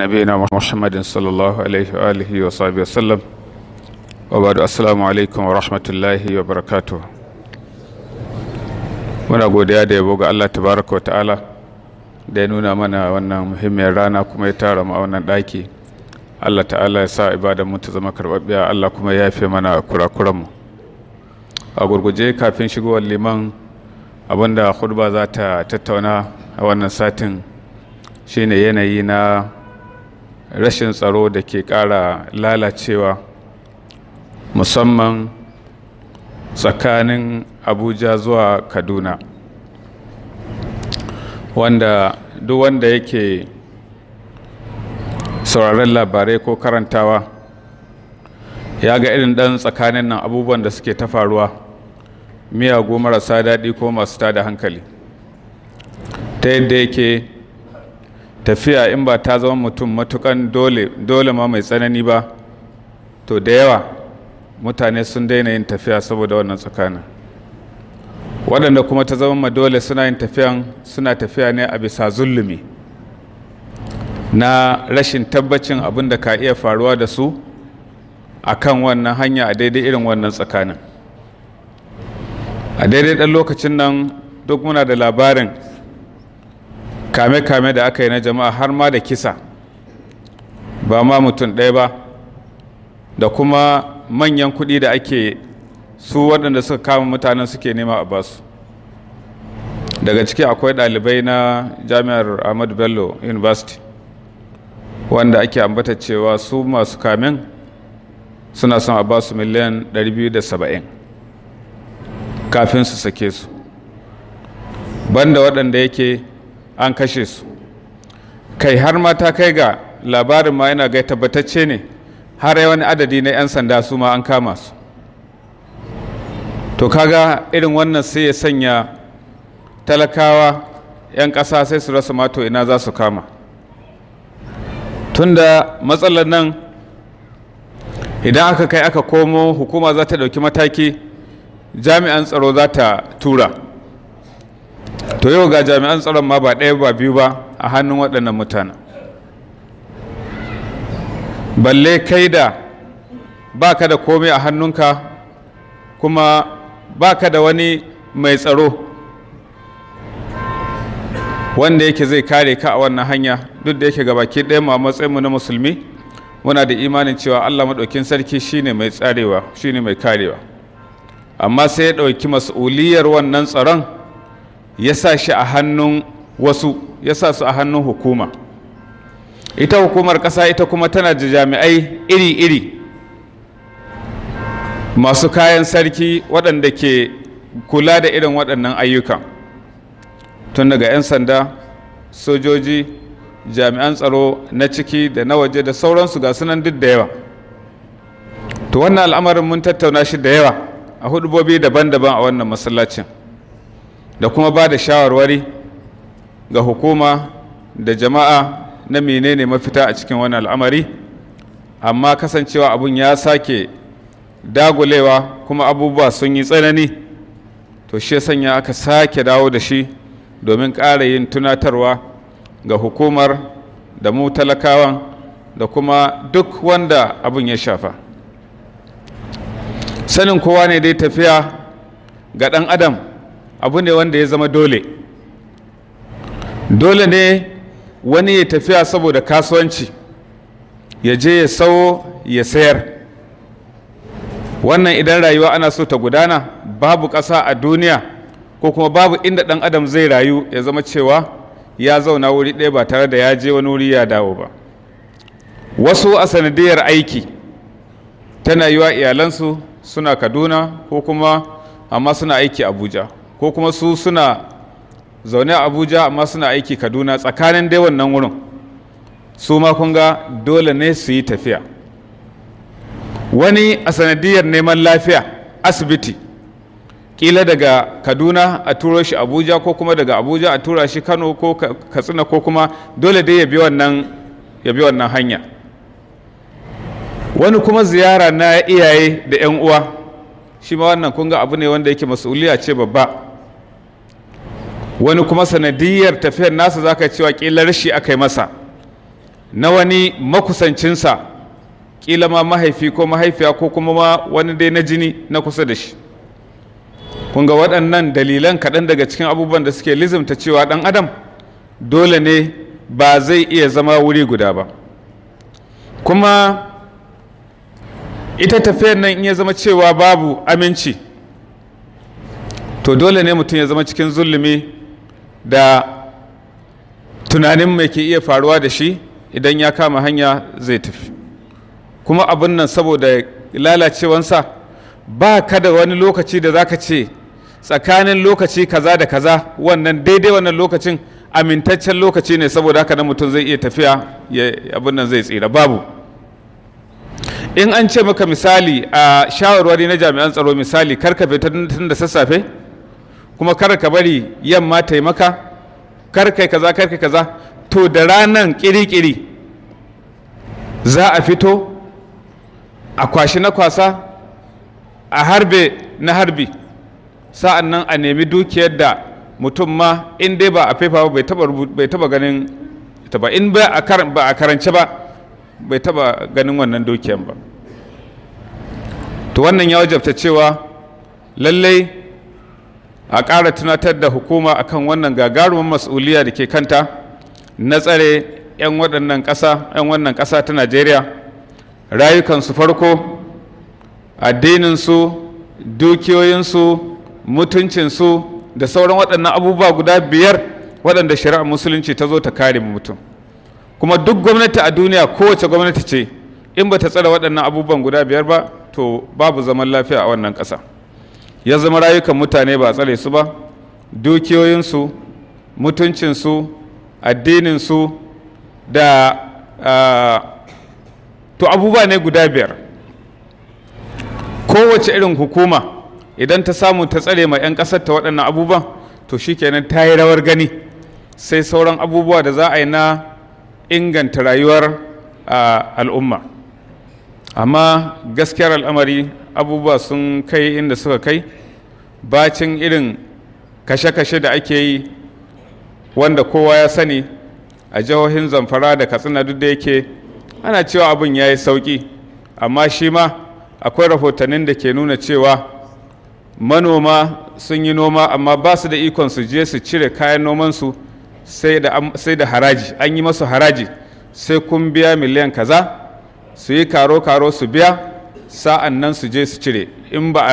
نبينا محمد صلى الله عليه وآله وصحبه وسلم وبعد السلام عليكم ورحمة الله وبركاته muna godiya da yabo ga Allah tabaraka wa ta'ala da ya nuna mana wannan muhimmiyar rana kuma ya tara mu a wannan ɗaki Allah ta'ala ya sa ibadan mu ta zama karɓaɓɓiya Allah kuma ya yafe mana kurakuran mu a gurguje kafin shigowar liman abinda hudba za ta tattauna a wannan satin shine yanayi na rashin tsaro da ke ƙara lalacewa musamman tsakanin abuja zuwa kaduna wanda duk wanda yake sauraron labarai ko karantawa ya ga irin ɗan tsakanin nan abubuwan da suke ta faruwa miyagu marasa daɗi ko masu tada hankali ta yadda yake tafiya in ba ta zama mutum matukan dole dole ma mai tsanani ba to da yawa mutane sun daina yin tafiya saboda wannan tsakanin waɗanda kuma ta zama dole suna yin tafiyan suna tafiya ne a bisa zulumi na rashin tabbacin abin da ka iya faruwa da su a kan wannan hanya a daidai irin wannan tsakanin a daidai ɗan lokacin nan duk muna da labarin kame-kame da aka yi na jama'a har ma da kisa ba ma mutum ɗaya ba da kuma manyan kuɗi da ake su waɗanda suka kama mutanen suke nema a basu daga ciki akwai ɗalibai na jami'ar ahmadu bello university wanda ake ambata cewa su masu kamen suna son a basu miliyan 270 kafin su sake su banda waɗanda yake an kashe su kai har mata kai ga labarin ma yana gai tabbatacce ne har wani adadi na 'yan sanda su ma an kama su to kaga irin wannan sai ya sanya talakawa 'yan ƙasa sai su rasa mato ina za su kama tunda matsalar nan idan aka kai aka komo hukuma za ta ɗauki mataki jami'an tsaro za ta tura to yau ga jami'an tsaron ma ba ɗaya ba biyu ba a hannun waɗannan mutanen balle kai da ba ka da komai a hannunka kuma ba ka da wani mai tsaro wanda yake zai kare ka a wannan hanya duk da yake gabaki ɗaya mu a matsayinmu na musulmi muna da imanin cewa allah maɗaukin sarki shine mai tsarewa shine mai karewa amma sai ya ɗauki mas'uliyar wannan tsaron ya sa shi a hannun wasu ya sa su a hannun hukuma ita hukumar ƙasa ita kuma tana da jami'ai iri-iri masu kayan sarki waɗanda ke kula da irin waɗannan ayyukan tun daga 'yan sanda sojoji jami'an tsaro na ciki da na waje da sauransu ga sunan duk da yawa to wannan al'amarin mun tattauna shi da yawa a hudubobi daban-daban a wannan masallacin da kuma ba da shawarwari ga hukuma da jama'a na menene mafita a cikin wani al'amari amma kasancewa abun ya sake dagulewa kuma abubuwa sun yi tsanani to shi sanya aka sake dawo da shi domin ƙara yin tunatarwa ga hukumar da mu talakawan da kuma duk wanda abun ya shafa sanin kowa ne dai tafiya ga ɗan adam abu ne wanda ya zama dole dole ne wani ya tafiya saboda kasuwanci ya je ya sawo ya sayar wannan idan rayuwa ana so ta gudana babu ƙasa a duniya ko kuma babu inda ɗan adam zai rayu ya zama cewa ya zauna wuri ɗaya ba tare da ya je wani wuri ya dawo ba wasu a sanadiyar aiki tana yiwa iyalansu suna kaduna ko kuma amma suna aiki abuja ko kuma su suna zaune a abuja amma suna aiki kaduna tsakanin dai wannan wurin su ma kun ga dole ne su yi tafiya wani a sanadiyar neman lafiya asibiti kila daga kaduna a turo shi abuja ko kuma daga abuja a tura shi kano ko katsina ko kuma dole dai ya bi wannan hanya wani kuma ziyara na iyaye da 'yan uwa shi ma wannan kunga abu ne wanda yake masuliya ce babba wani kuma sanadiyar tafiyar nasa zaka cewa ƙila rashi aka yi masa na wani makusancinsa ƙila ma mahaifi ko mahaifiya ko kuma ma wani dai na jini na kusa da shi kun ga waɗannan dalilan kaɗan daga cikin abubuwan da suke lizimta cewa ɗan adam dole ne ba zai iya zama wuri guda ba kuma ita tafiyar nan in ya zama cewa babu aminci to dole ne mutum ya zama cikin zulumi da tunanin mai ke iya faruwa da shi idan ya kama hanya zai tafi kuma abin nan saboda lalacewansa ba ka da wani lokaci da za ka ce tsakanin lokaci kaza da kaza wannan daidai wannan lokacin amintaccen lokaci ne saboda haka na mutum zai iya tafiya abin nan zai tsira babu in an ce maka misali a shawarwari na jami'an tsaro misali karka fita tun da sassafe kuma kar ka bari yamma taimaka kar kai kaza kar kai kaza to da ranan kiri-kiri za a fito a kwashi na kwasa a harbe na harbi sa'an nan a nemi dukiyar da mutum ma in dai ba a faifa ba bai taba ganin ta ba in ba a karance ba bai taba ganin wannan dukiyar ba to wannan ya wajabta cewa lallai a ƙara tunatar da hukuma akan wannan gagarumin mas'uliya da ke kanta na tsare 'yan waɗannan ƙasa 'yan wannan ƙasa ta najeriya rayukansu farko addininsu dukiyoyinsu mutuncinsu da sauran waɗannan abubuwa guda biyar waɗanda shari'ar musulunci ta zo ta kare mutum kuma duk gwamnati a duniya kowace gwamnati ce in ba ta tsare waɗannan abubuwan guda biyar ba to babu zaman lafiya a wannan ƙasa ya zama rayukan mutane ba tsare su ba dukiyoyinsu mutuncinsu addininsu da to abubuwa ne guda biyar kowace irin hukuma idan ta samu ta tsare ma 'yan ƙasar ta waɗannan abubuwan to shikenan ta yi rawar gani sai sauran abubuwa da za a yi na inganta rayuwar al'umma amma gaskiyar al'amari abubuwa sun kai inda suka kai bacin irin kashe-kashe da ake yi wanda kowa ya sani a jihohin zamfara da katsina duk da yake ana cewa abin ya yi sauƙi amma shi ma akwai rahotannin da ke nuna cewa manoma sun yi noma amma ba su da ikon su je su cire kayan nomansu sai da haraji an yi masu haraji sai kun biya miliyan kaza su yi karo-karo su biya sa'an nan su je su cire in ba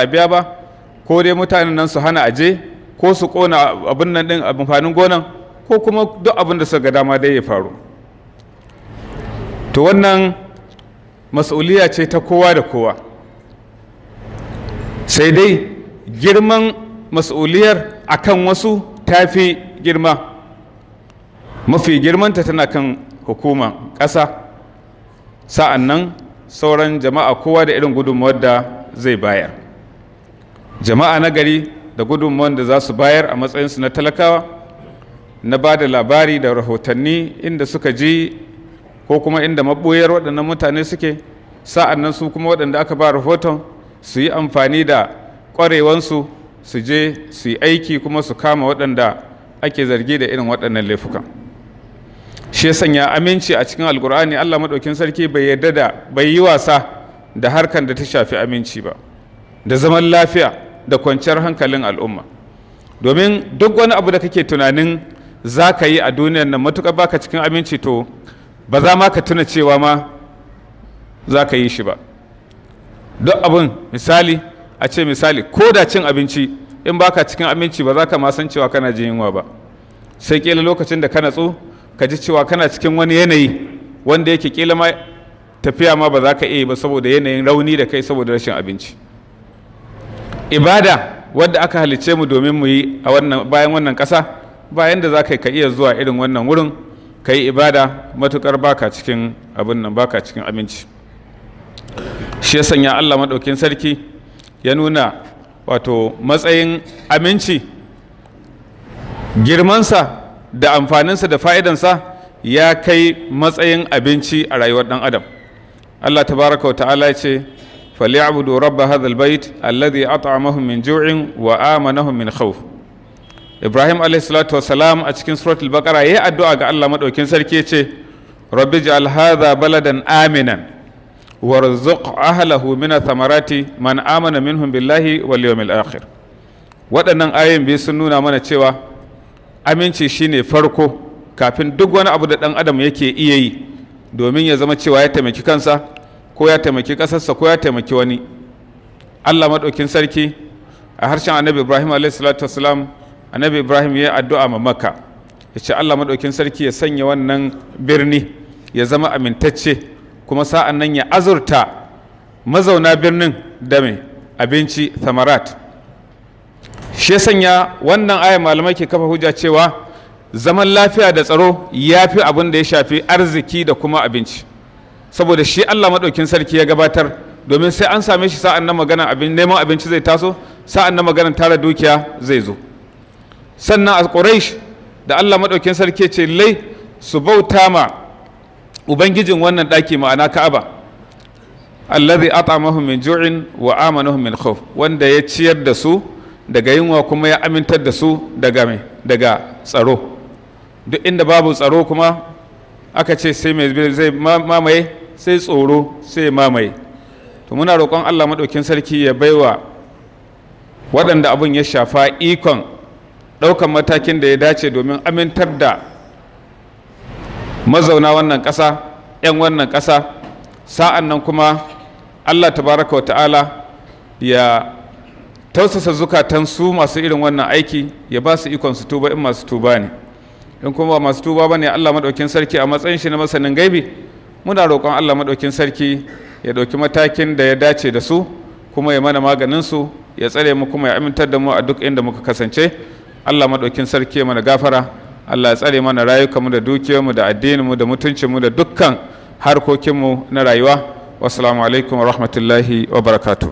a biya ba ko dai mutanen nan su hana a je ko su kona abin nan din amfanin gonan ko kuma duk abin da ga dama dai ya faru to wannan masauliya ce ta kowa da kowa sai dai girman mas'uliyar kan wasu ta fi girma mafi girmanta tana kan hukuma ƙasa sa'an nan sauran jama'a kowa da irin gudunmawar da zai bayar jama'a na gari da gudunmawar da za su bayar a matsayinsu na talakawa na ba da labari da rahotanni inda suka ji ko kuma inda maɓoyar waɗannan mutane suke sa'an nan su kuma waɗanda aka ba rahoton su yi amfani da ƙwarewansu su je su yi aiki kuma su kama waɗanda ake zargi da irin waɗannan laifukan. shi ya sanya aminci a cikin alkur'ani allah maɗaukin sarki bai yarda da bai yi wasa da harkar da ta shafi aminci ba da zaman lafiya da kwanciyar hankalin al'umma domin duk wani abu da kake tunanin za ka yi a duniyar nan matuƙar baka cikin aminci to ba za ma ka tuna cewa ma za ka yi shi ba duk abin misali a ce misali ko da cin abinci in baka cikin aminci ba za ka ma san cewa kana jin yunwa ba sai kila lokacin da ka natsu ka ji cewa kana cikin wani yanayi wanda yake kila ma tafiya ma ba za ka iya ba saboda yanayin rauni da kai saboda rashin abinci ibada wadda aka halicce mu domin mu yi a wannan bayan wannan ƙasa bayan da za ka ka iya zuwa irin wannan wurin ka yi ibada matukar baka cikin abin nan baka cikin aminci shi ya sanya Allah maɗaukin sarki ya nuna wato matsayin aminci girmansa da amfaninsa da fa’idansa ya kai matsayin abinci a rayuwar ɗan adam Allah ta baraka wa ta’ala ce fali abudu rabba hadhal wa amanahu min Ibrahim alayhi salatu wasalam a cikin suratul baqara yayi addu'a ga Allah madaukin sarki ce. rabbi ja'al hadha baladan Amina. warzuq ahlahu min man amana minhum billahi wal yawmil Waɗannan ayoyin biyu sun nuna mana cewa aminci shine farko kafin duk wani abu da ɗan adam yake iya yi domin ya zama cewa ya taimaki kansa ko ya taimaki ƙasarsa ko ya taimaki wani allah maɗaukin sarki a harshen annabi ibrahim a.s.w. annabi ibrahim ya addu'a ma maka ya ce allah maɗaukin sarki ya sanya wannan birni ya zama amintacce kuma sa'an nan ya azurta mazauna birnin da mai abinci thamarat shi sanya wannan aya malamai ke kafa hujja cewa zaman lafiya da tsaro ya fi abin da ya shafi arziki da kuma abinci saboda shi allah maɗaukin sarki ya gabatar domin sai an same shi sa'an na magana neman abinci zai taso sa'an na magana tara dukiya zai zo sannan a quraish da allah maɗaukin sarki ce lai su bauta ma ubangijin wannan ɗaki ma'ana ka'aba allazi at'amahum min ju'in wa amanahum min khawf wanda ya ciyar da su daga yunwa kuma ya amintar da su daga tsaro duk inda babu tsaro kuma aka ce sai mai zai mamaye sai tsoro sai mamaye to muna roƙon Allah maɗaukin sarki ya baiwa waɗanda abin ya shafa ikon ɗaukan matakin da ya dace domin amintar da mazauna wannan ƙasa 'yan wannan ƙasa sa'an nan kuma Allah tabaraka wa ta'ala ya tausasa zukatan su masu irin wannan aiki ya ba su ikon su tuba in masu tuba ne in kuma masu tuba ba ne allah maɗaukin sarki a matsayin shi na masanin gaibi muna roƙon allah maɗaukin sarki ya ɗauki matakin da ya dace da su kuma ya mana maganin su ya tsare mu kuma ya amintar da mu a duk inda muka kasance allah maɗaukin sarki ya mana gafara allah ya tsare mana rayukanmu da dukiyarmu da addinin addininmu da mu da dukkan harkokinmu na rayuwa wasu alaikum wa rahmatullahi wa barakatu